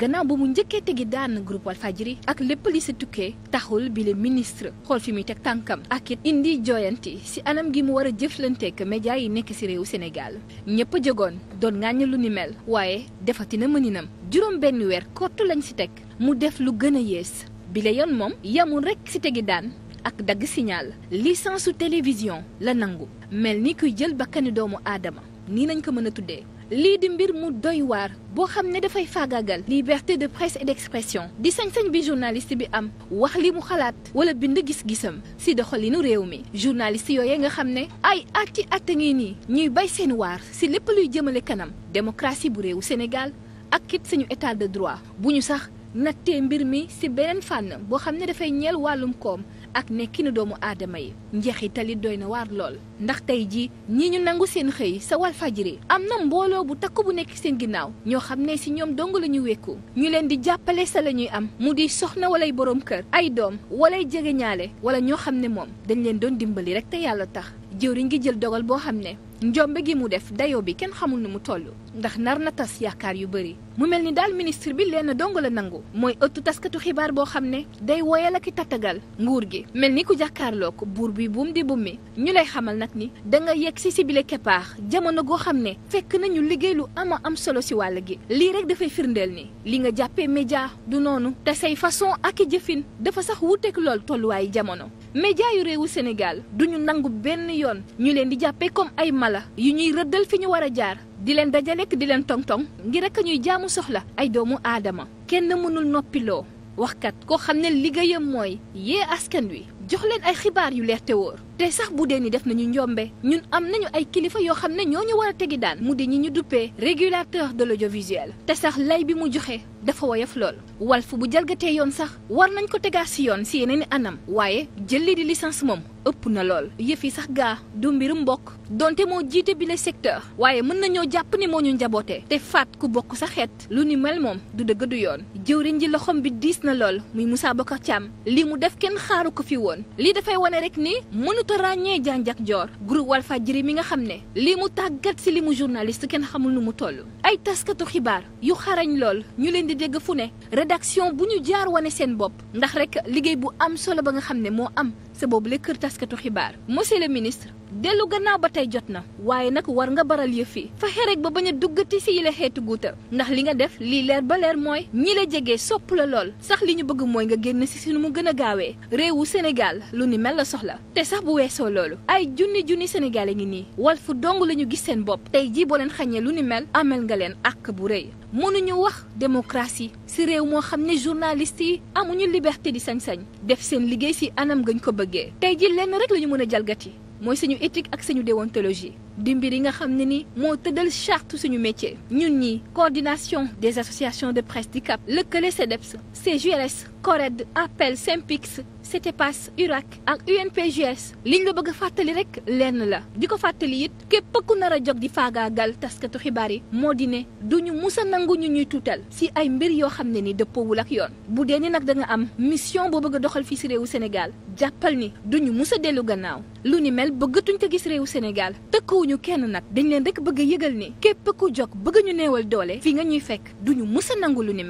gannaaw ba mu njëkkee tegi daan groupe Walfadjri ak lépp li si tukkee taxul bi ministre xool fi muy teg tànkam ak it indi jooyanti si anam gi mu war a jëflanteek média yi nekk si réewu senegal ñëpp a jógoon doon ŋàññi lu ni mel waaye defatina mëninam juróom benn weer kott lañ si teg mu def lu gën a yées bila yoon moom yamul rek si tegi daan ak dagg signal licence su télévision la nangu mel ni kuy jël bakkani doomu aadama nii nañ ko mën a tuddee lii di mbir mu doy waar boo xam ne dafay faagaagal liberté de presse et d'expression di sañ-sañ bi journaliste bi am wax li mu xalaat wala bind gis-gisam si doxalinu réew mi journaliste yooyu nga xam ne ay atti atta ngi nii ñuy bay seen waar si lépp luy jëmale kanam démocratie bu réewu Sénégal ak it suñu état de droit bu ñu sax nattee mbir mi si beneen fànn boo xam ne dafay ñeel wàllum koom ak nekkinu doomu aadama yi njeex yi doy na waar lool ndax tey jii ñii ñu nangu seen xëy sa wal fajiri am na mbooloo bu takk bu nekk seen ginnaaw ñoo xam ne si ñoom dong la ñu wékku ñu leen di jàppale sa la ñuy am mu di soxna walay borom kër ay doom walay jegeñaale wala ñoo xam ne moom dañ leen doon dimbali rek te yàlla tax jëw jëwriñ ngi jël dogal boo xam ne njombe gi mu def dayoo bi kenn xamul ni mu toll ndax nar na tas yaakaar yu bëri mu mel ni daal ministre bi leen dong la nangu mooy ëttu taskatu xibaar boo xam ne day woyal ak i tattagal nguur gi mel ni ku jàkkaarloo ko buur bi buum di bummi ñu lay xamal nag ni da nga yegg si si bile keppaax jamono goo xam ne fekk nañu liggéey lu ama am solo si wàll gi lii rek dafay firndeel ni li nga jàppee média du noonu te say façon ak i jëfin dafa sax wuuteeg lool tolluwaayu jamono média yu réewu Sénégal duñu nangu benn yoon la yu ñuy rëddal fi ñu war a jaar di leen dajalek di leen tong-tong ngir a ñuy jaamu soxla ay doomu aadama kenn mënul noppiloo waxkat koo xam ne liggéeyam mooy yee askan wi jox leen ay xibaar yu leerte te wóor te sax bu dee ni def nañu njombe ñun am nañu ay kilifa yoo xam ne ñoo ñu war a tegi daan mu di ñi ñu duppee régulateur de l'audiovisuel te sax lay bi mu joxee dafa woyof lool Walf bu jalgatee yoon sax war nañ ko tegaat si yoon si yeneen i anam waaye jël li di licence moom ëpp na lool yëf yi sax gaa du mbirum mbokk donte moo jiite bi la secteur waaye mën nañoo jàpp ni moo ñu njabootee te faat ku bokk sa xeet lu ni mel moom du dëgg du yoon jëwriñ ji loxoom bi diis na lool muy Moussa Bocar Thiam li mu def kenn xaaru ko fi woon yoon lii dafay wane rek ni mënut a ràññee janjak joor groupe Walfadjri mi nga xam ne lii mu tàggat si li mu journaliste kenn xamul nu mu toll ay taskatu xibaar yu xarañ lool ñu leen di dégg fu ne rédaction bu ñu jaar wane seen bopp ndax rek liggéey bu am solo ba nga xam ne moo am sa boobu la kër taskatu xibaar monsieur le ministre dellu gannaaw ba tey jot na waaye nag war nga baral yëf yi fa rek ba bañ a duggati si yi la xeetu guuta ndax li nga def lii leer ba leer mooy ñii la jege sopp la lool sax li ñu bëgg mooy nga génn si suñu mu gën a gaawee réewu Sénégal lu ni mel la soxla te sax bu weesoo loolu ay junni junni sénégalais ngi nii wal fu dong la ñu gis seen bopp tey jii boo leen xañee lu ni mel ameel nga leen àq bu rëy mënuñu wax démocratie si réew moo xam ne journaliste yi amuñu liberté di sañ-sañ def seen liggéey si anam gañ ko bëggee tey ji lenn rek la ñu mën a jalgati mooy suñu étique ak suñu déontologie di mbir yi nga xam ne ni moo tëddal charte suñu métier ñun ñi coordination des associations de presse di CAP lëkkale CEDEPS CJLS CORED APEL SYNPICS e CETEPAS URAC ak UNPGS liñ la bëgg a fàttali rek lenn la di ko fàttali it képp ku nar a jóg di faagaagal taskatu xibaar yi moo di ne duñu musa nangu ñu ñuy tuutal si ay mbir yoo xam ne ni dëppoowul ak yoon bu dee ni nag da am mission boo bëgg doxal fii si réewu Sénégal jàppal ni duñu musa dellu gannaaw lu ni mel bëggatuñ ko gis réewu Sénégal tëkkuwuñu kenn nag dañu leen rek bëgg a yëgal ni képp ku jóg bëgg ñu neewal doole fii nga ñuy fekk duñu musa nangu lu ni